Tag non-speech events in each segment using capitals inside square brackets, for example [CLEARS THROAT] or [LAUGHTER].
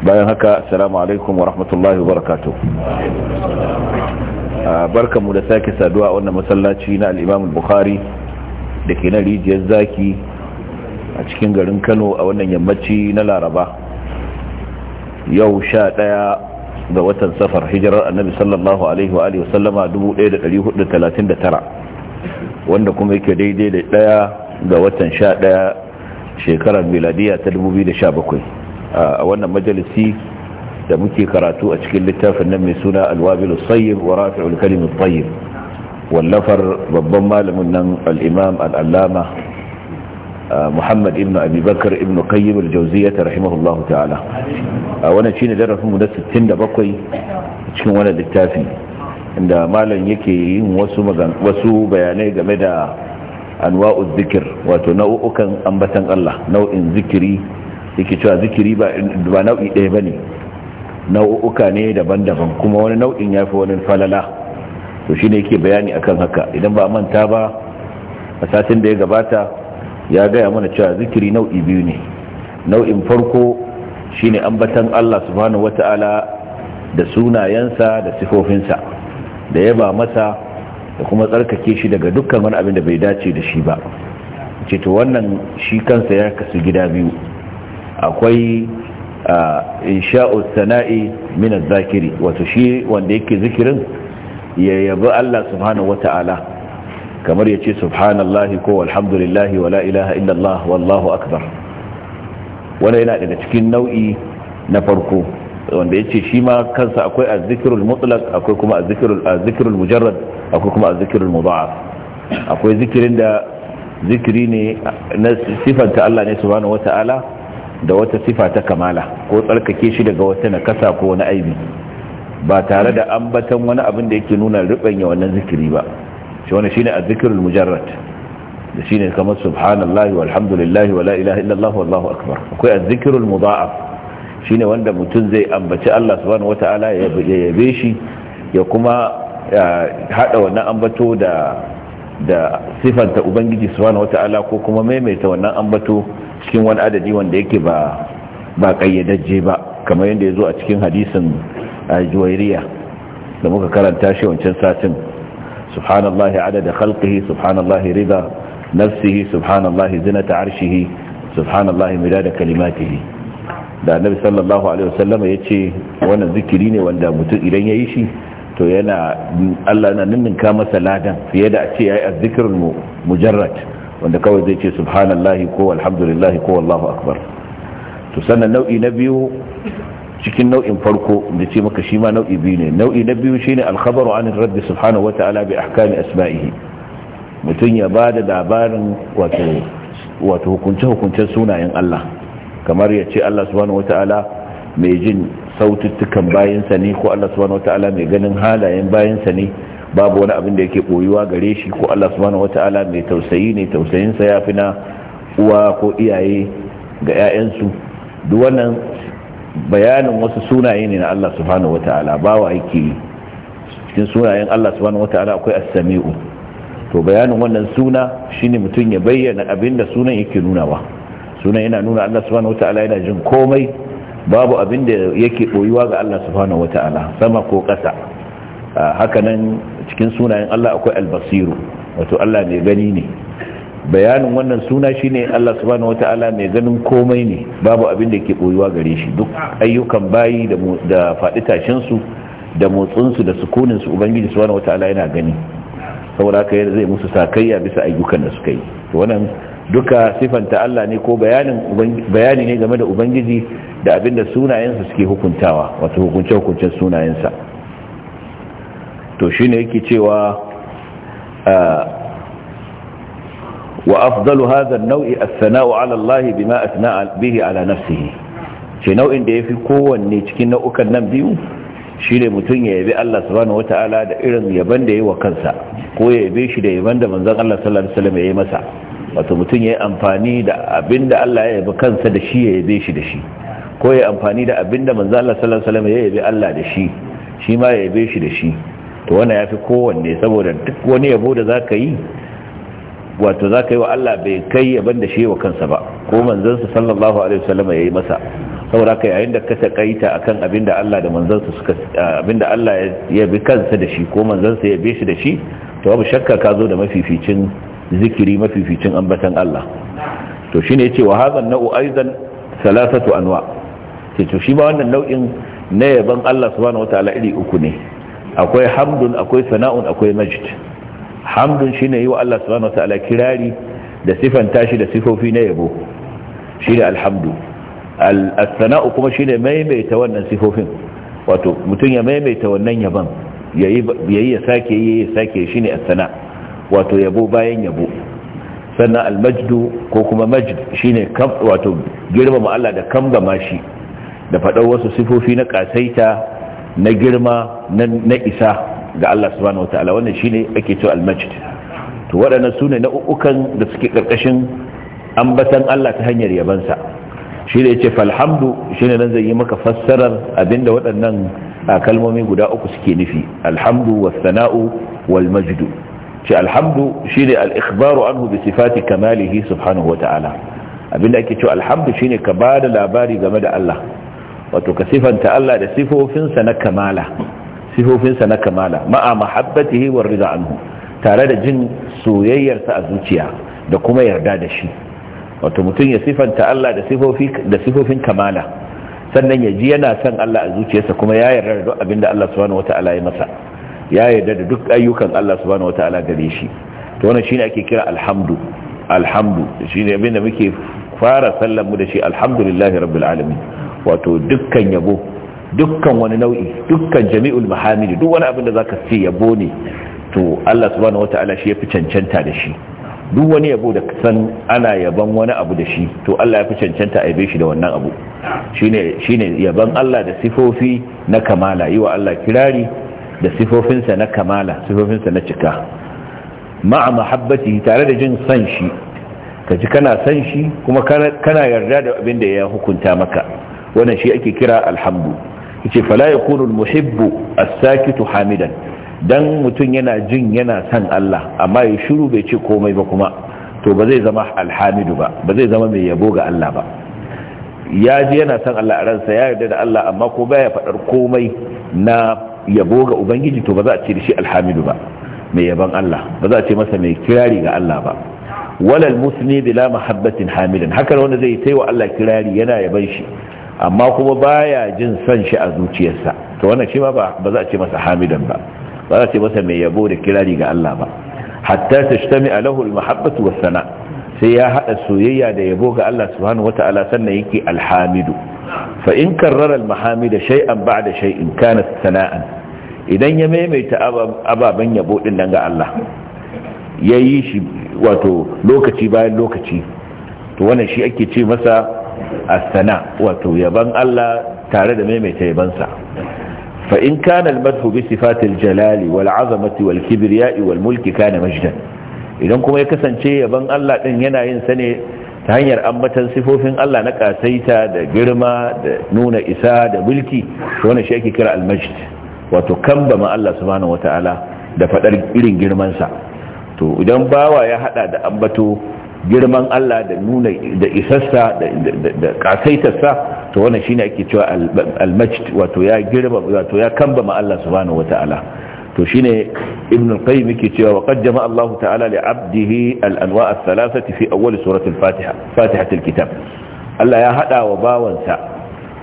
bayan haka assalamu alaikum wa rahmatullahi wa barakatuh ah, barkamu da sake saduwa a wannan masallaci na al-Imam bukhari da ke na rijiyar zaki a cikin garin Kano a wannan yammaci na Laraba yau sha daya ga watan safar hijirar Annabi sallallahu alaihi wa alihi wasallama 1439 wanda kuma yake daidai da ɗaya ga watan sha daya shekarar miladiya ta 2017 a wannan majalisi da muke karatu a cikin littafin nan mai suna alwabil sayyib wa rafi'ul kalim tayyib wallafar babban malamin nan al-imam al-allama muhammad ibn abi bakr ibn qayyim al-jawziyyah rahimahullah ta'ala a wannan shine darasin mu na 67 cikin wannan littafi inda malam yake yin wasu wasu bayanai game da anwa'u dhikr wato nau'ukan ambatan Allah nau'in zikiri yake cewa zikiri ba nau'i ɗaya ba nau'uka ne daban-daban kuma wani nau'in ya fi wani falala to shi ne yake bayani akan haka idan ba manta ba a satin da ya gabata ya gaya mana cewa zikiri nau'i biyu ne nau'in farko shine ambatan Allah subhanahu wata'ala da sunayensa da sifofinsa da yaba masa da kuma tsarkake shi daga dukkan wani abin da bai dace da shi ba ce to wannan shi kansa ya kasu gida biyu akwai insha'u sana'i min zakiri wato shi wanda yake zikirin ya yabi Allah subhanahu wata'ala kamar ya ce subhanallahi ko alhamdulillahi wala ilaha illallah wallahu akbar wanda yana daga cikin nau'i na farko wanda ya ce shi ma kansa akwai azzikirul mutlaq akwai kuma azzikirul mujarrad akwai kuma azzikirul mudha'af akwai zikirin da zikiri ne na sifanta Allah ne subhanahu wata'ala da wata sifa ta kamala ko tsarkake shi daga wata nakasa ko wani aibi ba tare da ambatan wani abin da yake nuna rubanya wannan zikiri ba shi wani shine azzikirul mujarrad da shine kamar subhanallahi walhamdulillahi wala ilaha illallah wallahu akbar akwai azzikirul mudha'af shine wanda mutum zai ambaci Allah subhanahu wataala ya yabe shi ya kuma hada wannan ambato da da sifanta ubangiji subhanahu wataala ko kuma maimaita wannan ambato cikin wani adadi wanda yake ba ba kayyadajje ba kamar yadda ya zo a cikin hadisin juwairiya da muka karanta shi wancan satin subhanallahi adada khalqihi subhanallahi rida nafsihi subhanallahi zinata arshihi subhanallahi midada kalimatihi da annabi sallallahu alaihi wasallam ce wannan zikiri ne wanda mutum idan yayi shi to yana Allah yana ninninka masa ladan fiye da a ce yayi azzikr mujarrad wanda kawai zai ce subhanallahi ko alhamdulillahi ko wallahu akbar to sannan nau'i na biyu cikin nau'in farko da ce maka shi ma nau'i biyu ne nau'i na biyu shine alkhabaru anir rabbi subhanahu wata'ala bi ahkami asma'ihi mutum ya bada labarin wato wato hukunce hukuncen sunayen Allah kamar ya ce Allah subhanahu ta'ala mai jin saututtukan bayansa ne ko Allah subhanahu ta'ala mai ganin halayen bayansa ne babu wani abin da yake koyuwa gare shi ko Allah subhanahu wata'ala mai tausayi ne tausayin sa yafi na uwa ko iyaye ga 'ya'yansu duk wannan bayanin wasu sunaye ne na Allah subhanahu wata'ala wa yake cikin sunayen Allah subhanahu wata'ala akwai as-sami'u to bayanin wannan suna shine mutum ya bayyana abin da sunan yake nuna ba sunan yana nuna Allah subhanahu wata'ala yana jin komai babu abin da yake koyuwa ga Allah subhanahu wata'ala sama ko ƙasa haka nan cikin sunayen Allah akwai albasiru wato Allah mai gani ne bayanin wannan suna shine Allah subhanahu wataala mai ganin komai ne babu abin da ke boyuwa gare shi duk ayyukan bayi da da faɗi tashin su da motsin su da sukunin su ubangiji subhanahu wataala yana gani saboda haka zai musu sakayya bisa ayyukan da suka yi to wannan duka sifanta Allah ne ko bayanin bayani ne game da ubangiji da abinda da sunayensa suke hukuntawa wato hukunce hukuncen sunayensa to shi ne yake cewa wa afdalu hadha an-naw'i as-sana'u 'ala Allah bihi 'ala nafsihi ce nau'in da ya fi kowanne cikin nau'ukan nan biyu Shi shine mutum ya yabi Allah subhanahu wata'ala da irin yaban da ya yi wa kansa ko ya yabe shi da yaban da manzon Allah sallallahu ya yi masa wato mutum ya yi amfani da abinda Allah ya yabi kansa da shi ya yabe shi da shi ko ya amfani da abinda manzon Allah sallallahu ya yabi Allah da shi shi ma ya yabe shi da shi to wannan ya fi kowanne saboda duk wani yabo da za ka yi wato za ka yi wa Allah bai kai yaban da shi wa kansa ba ko manzansa sallallahu alaihi wasallam ya yi masa saboda kai yayin da ka takaita akan abin da Allah da manzansa suka abin da Allah ya bi kansa da shi ko manzansa ya bi shi da shi to babu shakka ka zo da mafificin zikiri mafificin ambatan Allah to shine yace wa hadha nau aidan salasatu anwa to shi ba wannan nau'in na yaban Allah subhanahu wataala iri uku ne akwai hamdun akwai sana'un akwai majid hamdun shine yi wa Allah subhanahu wataala kirari da sifanta shi da sifofi na yabo shine alhamdu as-sana'u kuma shine maimaita wannan sifofin wato mutum ya maimaita wannan yaban yayi ya sake yi ya sake shine as-sana wato yabo bayan yabo sannan al-majdu ko kuma majd shine kam wato girmama Allah da kambama shi da fadar wasu sifofi na kasaita na girma na isa ga Allah subhanahu wataala wannan shine ake cewa al-majd to waɗannan sune na ukan da suke karkashin ambatan Allah ta hanyar yabansa shi ne ce falhamdu shi ne nan zai yi maka fassarar abinda waɗannan kalmomi guda uku suke nufi alhamdu wasana'u walmajdu ce alhamdu shi ne al'ikhbaru anhu bi sifati kamalihi subhanahu abinda ake cewa alhamdu shi ne ka ba da labari game da Allah wato ka sifanta Allah da sifofinsa na kamala sifofinsa na kamala ma'a mahabbatihi war rida anhu tare da jin soyayyarsa a zuciya da kuma yarda da shi wato mutum ya sifanta Allah da sifofi da sifofin kamala sannan ya ji yana son Allah a zuciyarsa kuma ya yarda da duk abinda Allah subhanahu wataala ya masa ya yarda da duk ayyukan Allah subhanahu wataala gare shi to wannan shine ake kira alhamdu alhamdu shine abinda muke fara sallar mu da shi alhamdulillahi rabbil alamin wato dukkan yabo dukkan wani nau'i dukkan jami'ul mahamidi duk wani abin da zaka ce yabo ne to Allah subhanahu wataala shi yafi cancanta da shi duk wani yabo da san ana yaban wani abu da shi to Allah yafi cancanta a yabe shi da wannan abu shine shine yaban Allah da sifofi na kamala yi wa Allah kirari da sifofinsa na kamala sifofinsa na cika ma'a mahabbati tare da jin san shi kaji kana san shi kuma kana yarda da abin da ya hukunta maka wannan shi ake kira alhamdu yace fala yakunu almuhibbu as-sakitu hamidan dan mutum yana jin yana san Allah amma ya shiru bai ce komai ba kuma to ba zai zama alhamidu ba ba zai zama mai yabo ga Allah ba ya ji yana san Allah a ransa ya yarda da Allah amma ko baya faɗar komai na yabo ga ubangiji to ba za a ce shi alhamidu ba mai yaban Allah ba za a ce masa mai kirari ga Allah ba walal musni bila mahabbatin hamidan haka wanda zai wa Allah kirari yana yaban shi amma kuma baya jin son shi a zuciyarsa to wannan shi ma ba za a ce masa hamidan ba ba za a ce masa mai yabo da kirari ga Allah ba hatta tashtami alahu almahabbatu wassana sai ya hada soyayya da yabo ga Allah subhanahu wataala sannan yake alhamidu fa in karrara almahamida shay'an ba'da shay'in kana sana'an idan ya maimaita ababan yabo din nan ga Allah yayi shi wato lokaci bayan lokaci to wannan shi ake ce masa Asana wato yaban Allah tare da maimaita yabansa fa in kana al bi sifati jalali wal 'azamati wal kibriya'i wal mulki kana majdan idan kuma ya kasance yaban Allah din yana yin sa ne ta hanyar ambatan sifofin Allah na kasaita da girma da nuna isa da mulki to wannan shi ake kira al-majd wato kambama Allah subhanahu wataala da fadar irin girman sa to idan bawa ya hada da ambato girman Allah da nuna da isassa da kasaitarsa to wannan shine ake cewa al wato ya girma wato ya kambama Allah subhanahu wataala to shine ibn al-qayyim yake cewa wa qad jama'a Allah ta'ala li 'abdihi al-anwa' ath-thalathati fi awwal surati al-fatiha al-kitab Allah ya hada wa bawansa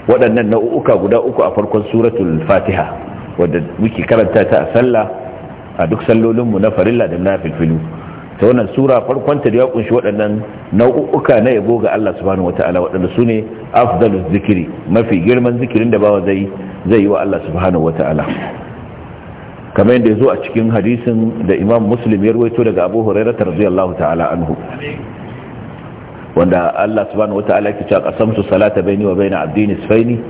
waɗannan nau'uka guda uku a farkon suratul fatiha wadda muke karanta ta a sallah a duk sallolinmu na farilla da na filfilu ta wannan sura farkon ta da ya kunshi waɗannan nau'uka na yabo ga Allah subhanahu wataala waɗanda su ne afdalu zikiri mafi girman zikirin da bawa zai zai yi wa Allah subhanahu wataala kamar yadda ya zo a cikin hadisin da imam muslim ya rawaito daga abu hurairah radiyallahu ta'ala anhu wanda Allah subhanahu wataala yake cewa qasamtu salata baini wa baina abdi nisfaini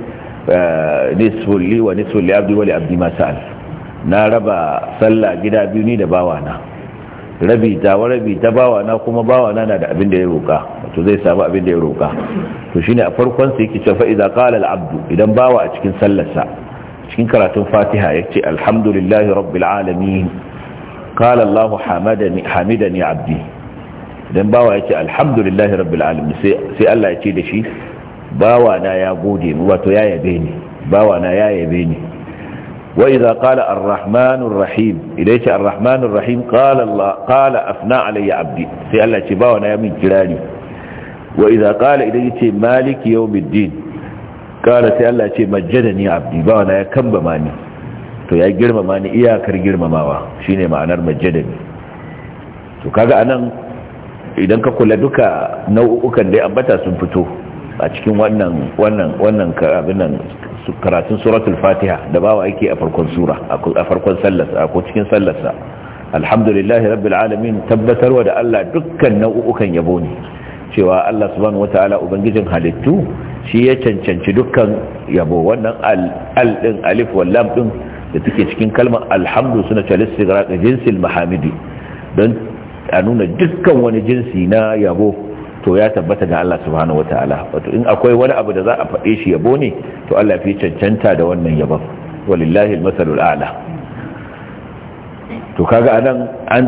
eh, nisfu li wa nisfu li abdi wa li abdi ma sa'al na raba sallah gida biyu ni da bawana rabi tawa rabi ta bawa na kuma bawa na da abin da ya roka wato zai samu abin da ya roka to shine a farkon sai yake cewa idza qala al-abdu idan bawa a cikin sallarsa cikin karatun Fatiha yace alhamdulillahi rabbil alamin qala Allahu hamadani hamidani abdi idan bawa yace alhamdulillahi rabbil alamin sai sai Allah yace da shi bawa na ya gode wato ya yabe ni bawa na ya yabe ni وإذا قال الرحمن الرحيم إليك الرحمن الرحيم قال الله قال أثنى علي عبدي في الله تباونا يمين جلالي وإذا قال إليك مالك يوم الدين قال في الله مجدني عبدي باونا يكم بماني to ya girmama ni iyakar girmamawa shine ma'anar majjadani to kaga anan idan ka kula duka nau'ukan da ambata sun fito a cikin wannan wannan wannan abinan karatun suratul fatiha da bawa ake a farkon sura a farkon sallarsa ko cikin sallarsa alhamdulillahi rabbil alamin tabbatarwa da Allah dukkan nau'ukan yabo ne cewa Allah subhanahu wataala ubangijin halittu shi ya cancanci dukkan yabo wannan al din alif wal lam din da take cikin kalmar alhamdu suna talistigraq jinsil mahamidi don a nuna dukkan wani jinsi na yabo to ya tabbata ga Allah subhanahu wataala wato in akwai wani abu da za a faɗe shi yabo ne to Allah fi cancanta da wannan yabon walillahi almasalul a'la to kaga anan an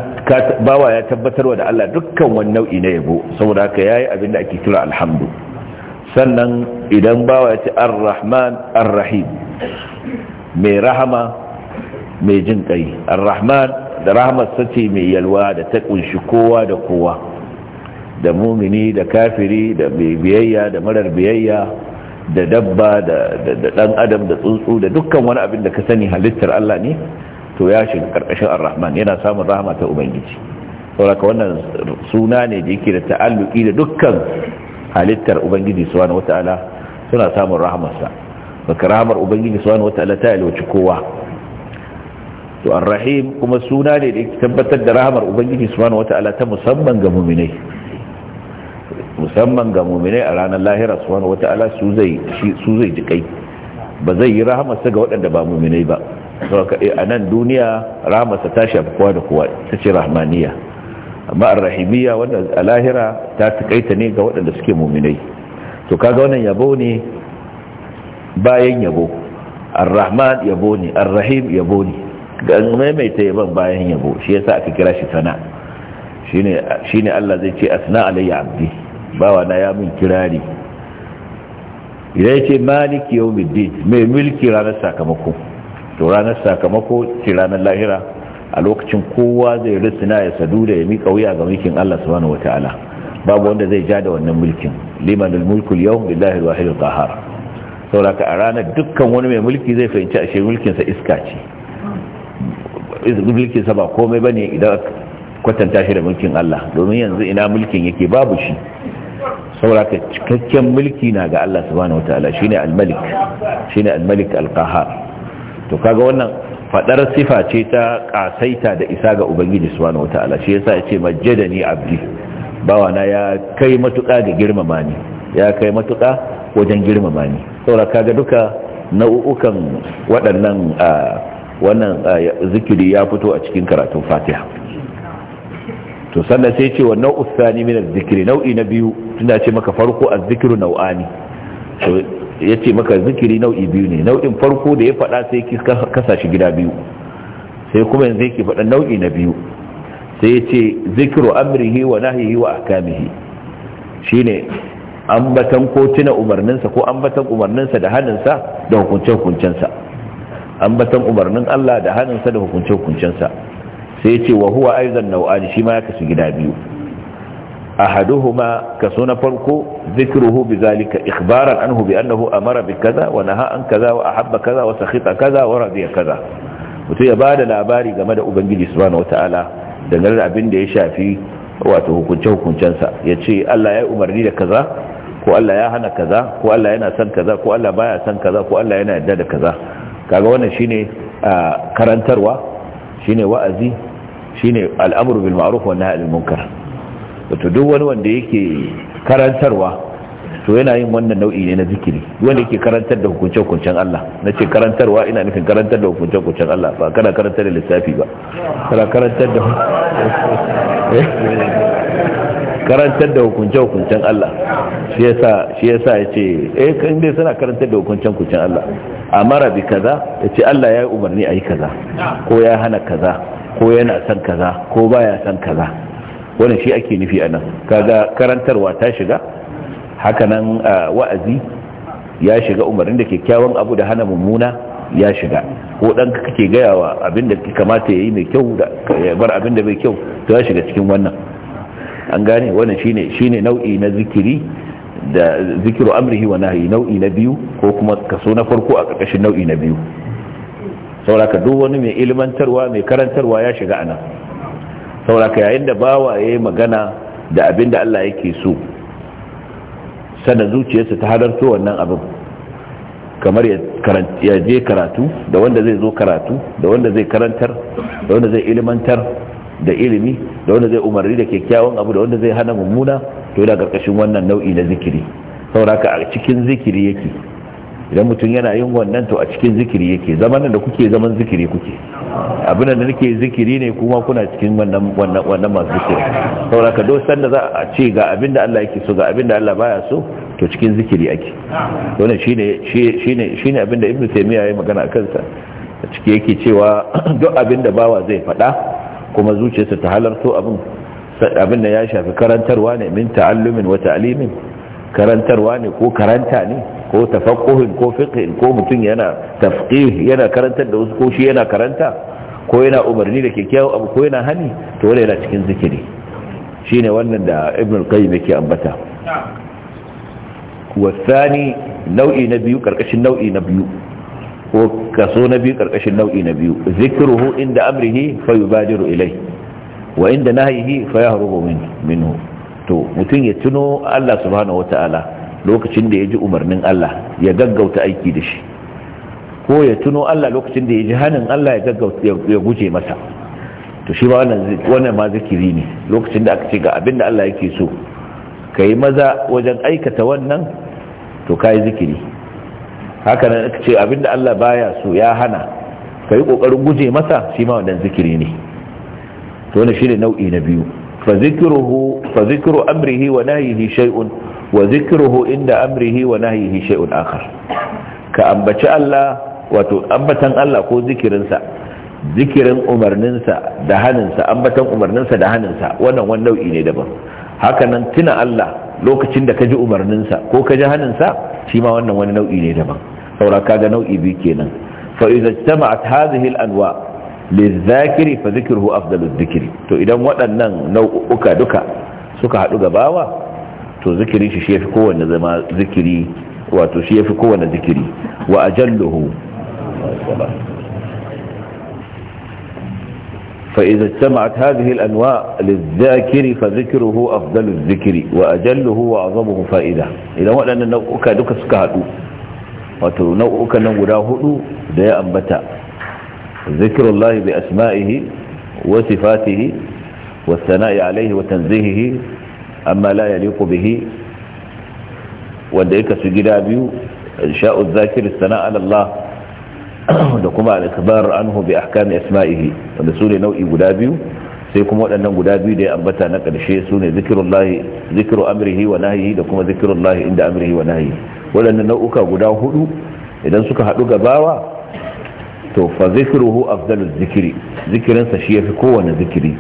bawa ya wa da Allah dukkan wani nau'i na yabo saboda haka yayi abin da ake tura alhamdu sannan idan bawa ya ce arrahman arrahim mai rahama mai jin kai arrahman da rahamar sace mai yalwa da ta kunshi kowa da kowa da mumini da kafiri da biyayya da marar biyayya da dabba da dan adam da tsuntsu da dukkan wani abin da ka sani halittar Allah ne to ya shiga karkashin ar-rahman yana samun rahama ta ubangiji saboda wannan suna ne da yake da ta'alluki da dukkan halittar ubangiji subhanahu wataala suna samun sa baka rahamar ubangiji subhanahu wataala ta yalwaci kowa to ar-rahim kuma suna ne da yake tabbatar da rahamar ubangiji subhanahu wataala ta musamman ga mu'minai musamman ga muminai a ranar lahira su wata'ala su zai su zai jikai ba zai yi rahamarsa ga waɗanda ba muminai ba eh, a nan duniya rahamarsa ta shafi kowa da kowa ta ce rahmaniya amma arrahimiyya wanda a lahira ta taƙaita ne ga waɗanda suke muminai to kaga wannan yabo ne bayan yabo arrahman yabo ne arrahim yabo ne ga maimaita yaban bayan yabo shi yasa aka kira shi sana shine Allah zai ce asna alayya abdi bawa na ya min kirari idan ya ce maliki yau middin mai milki ranar sakamako to ranar sakamako ce ranar lahira a lokacin kowa zai risina ya sadu da ya miƙa wuya ga mulkin Allah subhanahu wataala babu wanda zai ja da wannan mulkin limanul mulku yawm billahi alwahidul qahhar sauraka a ranar dukkan wani mai mulki zai fahimci ashe mulkin sa iska ce mulkin sa ba komai bane idan kwatanta shi da mulkin Allah domin yanzu ina mulkin yake babu shi saboda ka cikakken mulki na ga Allah subhanahu wataala shine al-malik shine al-malik al-qahhar to kaga wannan fadar sifa ce ta kasaita da isa ga ubangiji subhanahu wataala shi yasa yace majjadani abdi bawana ya kai matuka da girmama ni ya kai matuka wajen girmama ni saboda kaga duka nau'ukan waɗannan wannan zikiri ya fito a cikin karatun fatiha to sannan sai ce wa nau'u tsani min nau'i na biyu tunda ce maka farko azzikiru nau'ani to yace maka zikiri nau'i biyu ne nau'in farko da ya faɗa sai ki kasa shi gida biyu sai kuma yanzu yake fada nau'i na biyu sai yace zikiru amrihi wa nahyihi wa ahkamihi shine ambatan ko tuna umarninsa ko ambatan umarninsa da haninsa da hukunce hukuncensa ambatan umarnin Allah da haninsa da hukunce hukuncensa sai yace wa huwa aidan nau'ani shi ma ya kasu gida biyu أحدهما كسنة فرقو ذكره بذلك إخبارا عنه بأنه أمر بكذا ونهى عن كذا وأحب كذا وسخط كذا ورضي كذا وتي بعد الأباري كما دعو بنجي سبحانه وتعالى دنجل الأبن دي شافي wato hukunce-hukuncensa ya ce Allah ya umarni da kaza ko Allah ya hana kaza ko Allah yana son kaza ko Allah baya son kaza ko Allah yana yadda da kaza kaga wannan shine karantarwa shine wa'azi shine al'amru bil ma'ruf wa nahy anil munkar wato duk wani wanda yake karantarwa to yana yin wannan nau'i ne na zikiri wanda yake karantar da hukuncen hukuncen Allah na ce karantarwa ina nufin karantar da hukuncen hukuncen Allah ba kana karantar da lissafi ba kana karantar da [LAUGHS] karantar da hukuncen hukuncen Allah shi yasa shi yasa yace eh kan dai suna karantar da hukuncen hukuncen Allah amara bi kaza yace Allah ya yi umarni ayi kaza ko ya hana kaza ko yana son kaza ko baya son kaza wannan shi ake nufi a nan kaga karantarwa ta shiga hakanan wa'azi ya shiga umarnin da kyakkyawan abu da hana mummuna ya shiga ko dan kake gayawa abin da kamata yayi mai kyau da bar abin da bai kyau to ya shiga cikin wannan an gane wannan shine shine nau'i na zikiri da zikiru amrihi wa nahyi nau'i na biyu ko kuma kaso na farko a ƙarƙashin nau'i na biyu saboda duk wani mai ilmantarwa mai karantarwa ya shiga anan saboda ka yayin da bawa ya yi magana da abin da Allah yake so sana zuciyarsa ta halarto wannan abin kamar ya je karatu da wanda zai zo karatu da wanda zai karantar da wanda zai ilimantar da ilimi da wanda zai umarni da kyakkyawan abu da wanda zai hana mummuna to yana karkashin wannan nau'i na zikiri sauraka a cikin zikiri yake idan mutum yana yin wannan to a cikin zikiri yake zaman da kuke zaman zikiri kuke abin da nake zikiri ne kuma kuna cikin wannan wannan wannan masu zikiri saboda ka dosan da za a ce ga abin da Allah yake so ga abin da Allah baya so to cikin zikiri ake wannan shine shine shine abin da Ibn Taymiyyah ya magana akan sa a ciki yake cewa [CLEARS THROAT] duk abin da bawa zai faɗa kuma zuciyarsa ta halarto abin abin da ya shafi karantarwa ne min ta'allumin wa ta'limin karantarwa ne ko karanta ne ko tafaqquhin ko fiqhin ko mutum yana tafqih yana karantar da wasu ko shi yana karanta ko yana umarni da kyakkyawan abu ko yana hani to wanda yana cikin zikiri shine wannan da ibn al-qayyim yake ambata wasani nau'i na biyu karkashin nau'i na biyu ko kaso na biyu karkashin nau'i na biyu zikruhu inda amrihi fa yubadiru ilayhi wa inda nahyihi fa yahrubu minhu to mutum ya tuno Allah subhanahu ta'ala lokacin da ya ji umarnin Allah ya gaggauta aiki da shi ko ya tuno Allah lokacin da ya ji hannun Allah ya gaggauta ya guje masa to shi ba wannan ma zikiri ne lokacin da aka ce ga abin da Allah yake so ka yi maza wajen aikata wannan to ka yi zikiri haka nan aka ce abin da Allah baya so ya hana ka yi ƙoƙarin guje masa shi ma wannan zikiri ne to wani shi ne nau'i na biyu فذكره فذكر امره ونهيه شيء وذكره عند امره ونهيه شيء اخر كانبتي الله wato ambatan Allah ko zikirinsa zikirin umarninsa da haninsa ambatan umarninsa da haninsa wannan wani nau'i ne daban hakanan tuna Allah lokacin da kaji umarninsa ko kaji ji haninsa shi ma wannan wani nau'i ne daban saura kaga nau'i biyu kenan fa idza jama'at hadhihi al-anwa' للذاكر فذكره أفضل الذكر تو إذا وأنا نو أكا دكا سكا دكا باوا تو ذكري شي في كون زما ذكري واتو شي في كون ذكري وأجله فإذا اجتمعت هذه الأنواع للذاكر فذكره أفضل الذكر وأجله وأعظمه فائدة إذا وأنا نو أكا دكا سكا هدو واتو نو أكا نو راهدو ده أنبتا ذكر الله بأسمائه وصفاته والثناء عليه وتنزيهه أما لا يليق به وديك سجدابي إنشاء الذاكر الثناء على الله دكما الإخبار عنه بأحكام أسمائه ونسول نوء قدابي سيكم وأن قدابي دي أنبتا نقل شيء سوني ذكر الله ذكر أمره ونهيه دكما ذكر الله عند أمره ونهيه ولأن نوءك قداه هدو إذا سكهدو قباوة to fa zikruhu afdalu zikiri, zikirinsa shi ya fi kowane zikiri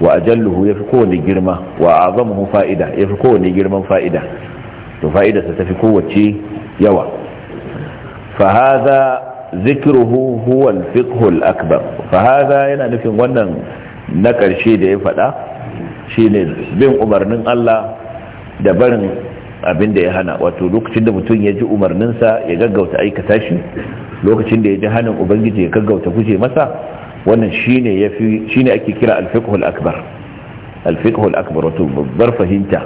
wa ajalluhu fi kowane girma wa azamuhu fa'ida fi kowane girman fa'ida to fa'ida ta fi kowace yawa fa hadha zikruhu huwa al-fiqh al-akbar fa hadha yana nufin wannan na ƙarshe da ya faɗa shine bin umarnin Allah da barin abin da ya hana wato lokacin da mutum ya ji umarninsa ya gaggauta aikata shi lokacin da ya ji hannun ubangiji ya gaggauta guje masa wannan shi ne ake kira al-fiqh akbar akbar wato babbar fahimta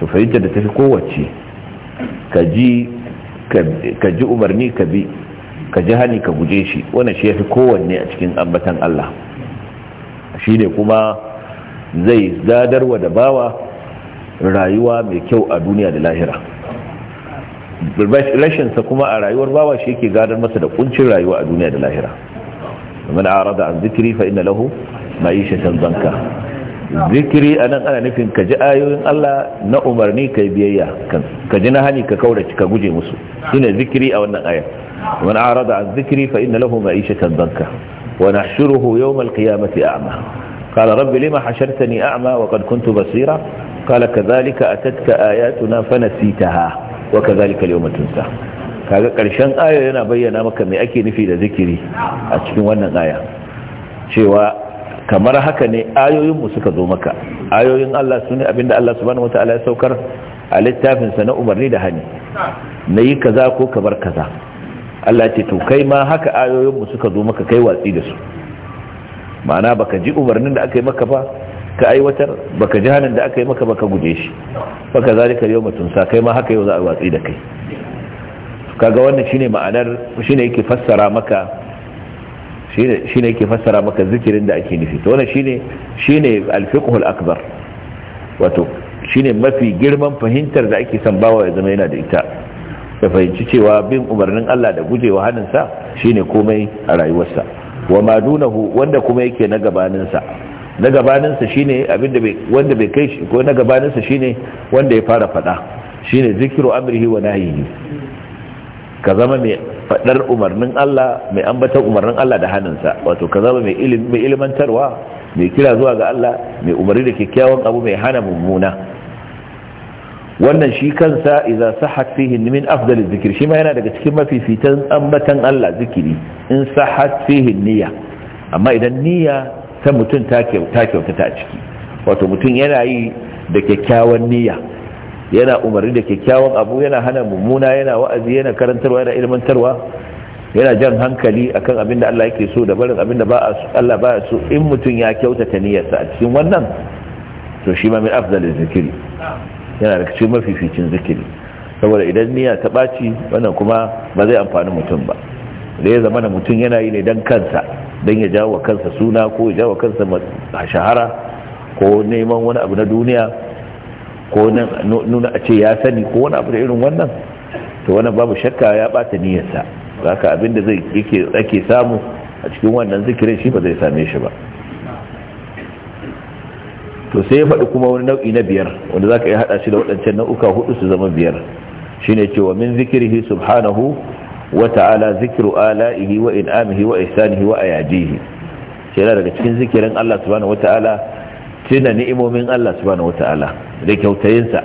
to fahimta da tafi kowace ka ji ka ji umarni ka bi ka ji hani ka guje shi wannan shi yafi kowanne a cikin ambatan Allah ne kuma zai zadarwa da bawa rayuwa mai kyau a duniya da lahira rashinsa kuma a rayuwar bawa shi yake gadar masa da kuncin rayuwa a duniya da lahira man arada an zikri fa lahu zanka zikiri anan ana nufin ka ji ayoyin Allah na umarni ka yi biyayya ka ji na hani ka kaurace ka guje musu shine zikiri a wannan ayar man arada an zikri fa inna lahu ma'ishatan zanka wa nahshuruhu yawm al-qiyamati a qala rabbi lima hashartani a'ma wa qad kuntu basira qala kadhalika atatka ayatuna fanasitaha wa kazalika al-yawma kaga karshen aya yana bayyana maka me ake nufi da zikiri a cikin wannan aya cewa kamar haka ne ayoyinmu suka zo maka ayoyin Allah su ne abinda Allah subhanahu wataala ya saukar a littafinsa na umarni da hani na yi kaza ko kabar kaza Allah ce to kai ma haka ayoyinmu suka zo maka kai watsi da su ma'ana baka ji umarnin da aka yi maka ba ka aiwatar baka ji hannun da aka yi maka baka guje shi baka zalika yau matunsa kai ma haka yau za a watsi da kai kaga wannan shine ma'anar shine yake fassara maka shine shine yake fassara maka zikirin da ake nufi to wannan shine shine al akbar wato shine mafi girman fahimtar da ake son bawa ya zama yana da ita ya fahimci cewa bin umarnin Allah da gujewa hannunsa shine komai a rayuwarsa wa madunahu wanda kuma yake na gabaninsa na gabaninsa shine abinda wanda bai kai shi ko na gabaninsa shine wanda ya fara fada shine zikiru amrihi wa yi ka zama mai fadar umarnin Allah mai ambatar umarnin Allah da hannunsa wato ka zama mai ilimantarwa mai kira zuwa ga Allah mai umarni da kyakkyawan abu mai hana mummuna wannan shi kansa iza sahat fihi min afdal zikir shi ma yana daga cikin mafifitan ambatan Allah zikiri in sahat fihi niyya amma idan niyya ta mutum ta kyautata a ciki wato mutum yana yi da kyakkyawan niyya yana umarni da kyakkyawan abu yana hana mummuna yana wa'azi yana karantarwa yana ilmantarwa yana jan hankali akan abin da Allah yake so da barin abin da ba Allah ba so in mutum ya kyautata niyyarsa a cikin wannan to shi ma min afdalin zikiri yana da cikin mafificin zikiri saboda idan niyya ta ɓaci wannan kuma ba zai amfani mutum ba da ya zama mutum yana yi ne don kansa don ya jawo kansa suna ko ya jawo kansa a shahara ko neman wani abu na duniya ko nuna a ce ya sani ko wani abu da irin wannan to wani babu shakka ya bata niyyarsa ka abin da zai ake samu a cikin wannan zikirin shi ba zai same shi ba to sai ya faɗi kuma wani nau'i na biyar wanda za ka yi haɗa shi da waɗancan nau'uka hudu su zama biyar shine cewa min zikirihi subhanahu وتعالى ذكر آلائه وإنعامه وإحسانه وأياديه yana daga cikin zikirin Allah subhanahu wataala tuna ni'imomin Allah subhanahu wataala da kyautayinsa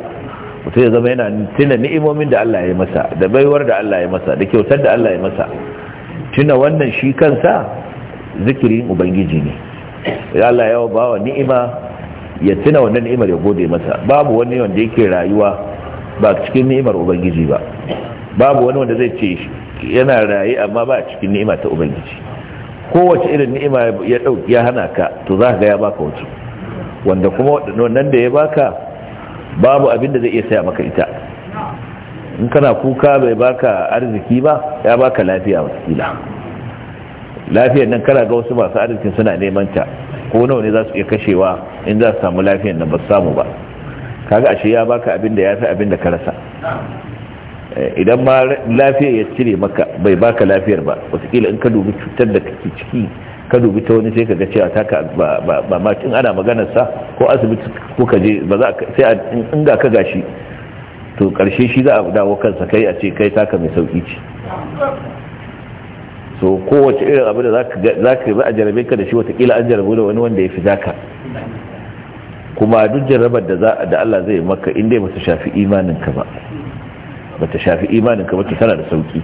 wato ya zama yana tuna ni'imomin da Allah ya masa da baiwar da Allah ya masa da kyautar da Allah ya masa tuna wannan shi kansa zikirin ubangiji ne ya Allah ya wa ni'ima ya tuna wannan ni'imar ya gode masa babu wani wanda yake rayuwa ba cikin ni'imar ubangiji ba babu wani wanda zai ce yana raye amma ba a cikin ni'ima ta ubangiji kowace irin ni'ima ya dauki ya hana ka to za ga ya baka wasu wanda kuma wannan da ya baka babu abin da zai iya saya maka ita in kana kuka bai baka arziki ba ya baka lafiya wasila lafiyar nan kana ga wasu masu arzikin suna neman ta ko nawa ne za su iya kashewa in za su samu lafiyar nan ba su samu ba kaga ashe ya baka abin da ya fi abin da ka rasa Eh, idan ma lafiya ya cire maka bai baka lafiyar ba wataƙila in ka dubi cutar da kake ciki ka dubi ta wani sai ka ga cewa taka ba ma cin ana maganar sa ko asibiti ko ka je ba za sai in ga ka gashi to karshe shi za a dawo kansa kai a ce kai taka mai sauki ce so kowace irin abu da za ka za a jarabe ka da shi wataƙila an jarabe da wani wanda ya fi zaka kuma duk jarabar da da Allah zai maka in dai ba su shafi imanin ka ba bata shafi imanin ka bata tana da sauki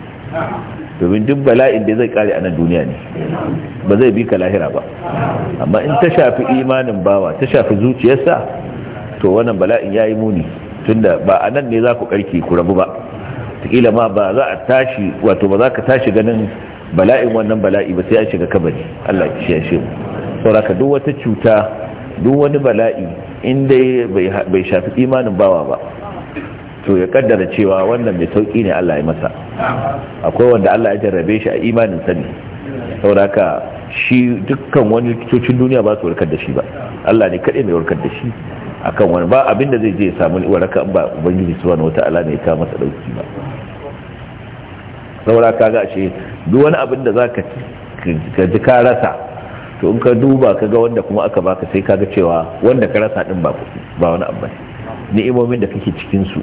domin duk bala'in da zai kare a nan duniya ne ba zai bi ka lahira ba amma in ta shafi imanin bawa ta shafi zuciyarsa to wannan bala'in ya yi muni tunda ba a nan ne za ku karki ku rabu ba takila ma ba za a tashi wato ba za ka tashi ganin bala'in wannan bala'i ba sai an shiga kabari Allah ya kiyashe mu saboda duk wata cuta duk wani bala'i in dai bai shafi imanin bawa ba to ya kaddara cewa wannan mai sauki ne Allah ya masa akwai wanda Allah ya jarrabe shi a imanin sani sauraka shi dukkan wani cocin duniya ba su warkar da shi ba Allah ne kaɗai mai warkar da shi akan wani ba abinda zai je samu waraka ba ubangiji subhanahu wata'ala ne ya ka masa dauki ba sauraka ga shi duk wani abin da zaka ka ji ka rasa to in ka duba ka ga wanda kuma aka baka sai ka ga cewa wanda ka rasa din ba ba wani abu ne ni'imomin da kake cikin su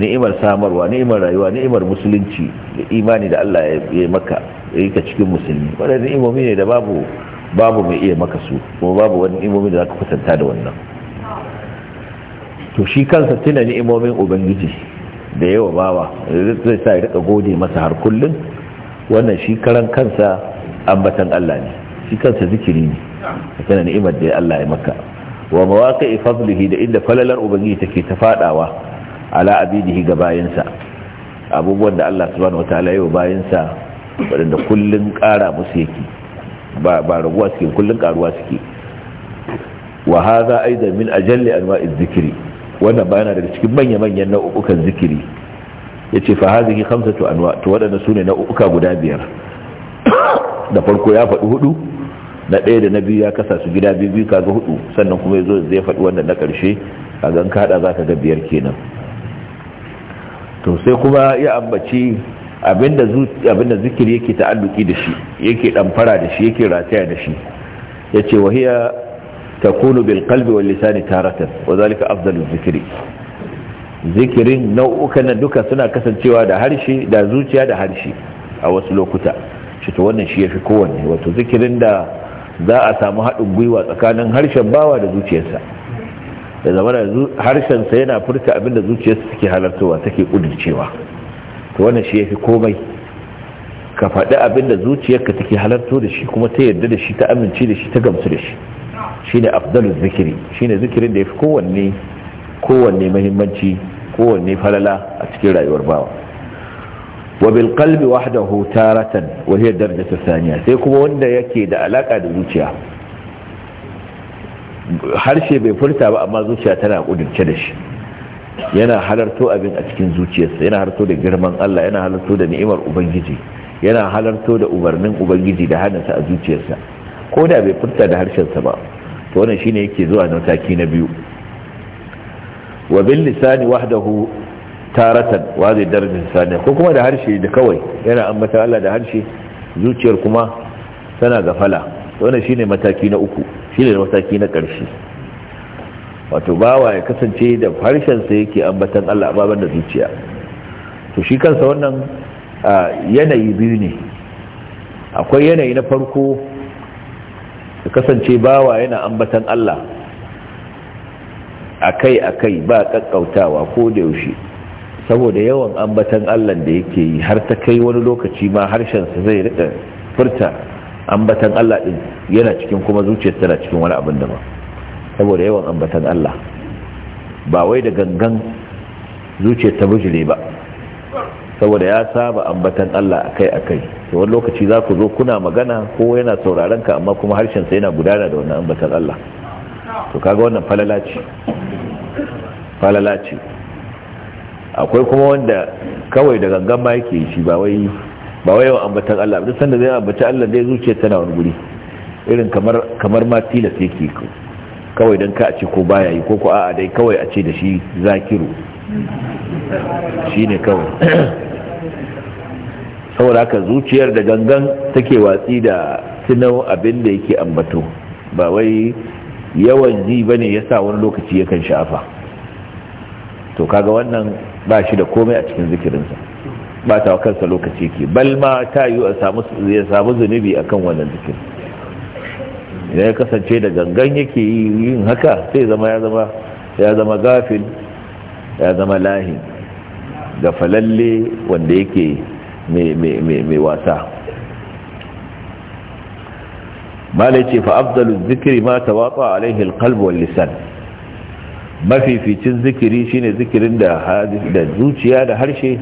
ni'imar samarwa ni'imar rayuwa ni'imar musulunci da imani da Allah ya yi maka ya yi ka cikin musulmi wadda ni'imomi ne da babu babu mai iya maka su kuma babu wani ni'imomi da zaka kusanta da wannan to shi kansa tuna ni'imomin ubangiji da yawa bawa zai sa ya rika gode masa har kullum. wannan shi karan kansa ambatan Allah ne shi kansa zikiri ne Tana ni'imar da Allah ya maka wa mawaqi fadlihi da inda falalar ubangiji take ta fadawa ala abidihi ga bayansa abubuwan da Allah subhanahu wataala yayi wa bayansa wadanda kullun ƙara musu yake ba ba raguwa suke kullun ƙaruwa suke wa hadha aidan min ajalli anwa'i dhikri wannan bayana daga cikin manya manyan nau'ukan zikiri yace fa hadhihi khamsatu anwa to wadanda sune nau'uka guda biyar da farko ya faɗi hudu na ɗaya da na biyu ya kasa su gida biyu kaga hudu sannan kuma ya zo zai faɗi wannan na ƙarshe a gan kaɗa za ka ga biyar kenan to sai kuma ya ambaci abinda da zikiri yake ta'alluki da shi yake damfara da shi yake rataya da shi yace wahiya takunu bil qalbi wal lisani taratan wa zalika afdalu zikiri zikirin nau'ukan duka suna kasancewa da harshe da zuciya da harshe a wasu lokuta shi to wannan shi yafi kowanne wato zikirin da za a samu haɗin gwiwa tsakanin harshen bawa da zuciyarsa da zama da harshensa yana furta abinda zuciyarsa take halartowa take kudircewa to wannan shi yafi komai ka faɗi abinda zuciyarka take halarto da shi kuma ta yarda da shi ta amince da shi ta gamsu da shi shine afdalul zikiri shine zikirin da yafi kowanne kowanne muhimmanci kowanne falala a cikin rayuwar bawa wa bil qalbi wahdahu taratan wa hiya darajatu thaniya sai kuma wanda yake da alaka da zuciya harshe bai furta ba amma zuciya tana kudurce da shi yana halarto abin a cikin zuciyarsa yana halarto da girman Allah yana halarto da ni'imar ubangiji yana halarto da umarnin ubangiji da hannunsa a zuciyarsa ko da bai furta da harshensa ba to wannan shine yake zuwa na mataki na biyu wa bil lisani wahdahu taratan wa zai darajar lisani ko kuma da harshe da kawai yana ambata Allah da harshe zuciyar kuma tana gafala shi shine mataki na uku shine mataki na ƙarshe wato bawa ya kasance da harshensa yake ambatan Allah baban da zuciya to shi kansa wannan yanayi biyu ne akwai yanayi na farko ya kasance bawa yana ambatan Allah akai-akai ba kakkautawa ko da yaushe saboda yawan ambatan Allah da yake yi har ta kai wani lokaci ma harshensa zai rika furta ambatan Allah din yana cikin kuma zuciyar tana cikin wani abin da ba saboda yawan ambatan Allah ba wai da gangan zuciyar ta bujire ba saboda ya saba ambatan Allah akai akai to wani lokaci za ku zo kuna magana ko yana sauraron ka amma kuma harshen sa yana gudana da wannan ambatan Allah to kaga wannan falala ce falala ce akwai kuma wanda kawai da gangan ma yake shi ba wai ba wai yawan ambatan Allah duk sanda zai ambaci Allah zai zuciya tana wani guri irin kamar kamar ma tilas yake kawai dan ka a ce ko baya yi ko ko a'a dai kawai a ce da shi zakiru shine kawai [CLEARS THROAT] saboda haka zuciyar da gangan take watsi da tunan abin da yake ambato ba wai yawan ji bane yasa wani lokaci yakan shafa to kaga wannan ba shi da komai a cikin zikirinsa ba ta kansa lokaci ke bal ma ta yi a samu zunubi akan wannan zikirin idan ya kasance da gangan yake yin haka sai zama ya zama ya zama gafil ya zama lahi ga falalle wanda yake mai wasa malai ce fa'abdalu zikiri ma ta watsa alaihi alkalbu wal lisan mafificin zikiri shine zikirin da zuciya da harshe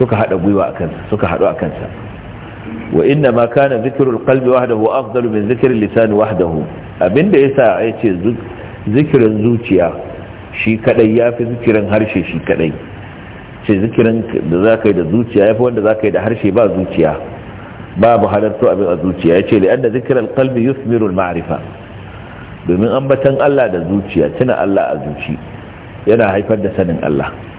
suka hada gwiwa a kansa suka hadu a kansa wa inna ma kana zikrul qalbi wahdahu afdalu min zikril lisan wahdahu abinda yasa yace zikirin zuciya shi kadai yafi zikirin harshe shi kadai ce zikirin da zaka yi da zuciya yafi wanda zaka yi da harshe ba zuciya babu halartu abin a zuciya yace li anna zikrul qalbi yuthmiru al ma'rifa domin ambatan Allah da zuciya tuna Allah a zuci yana haifar da sanin Allah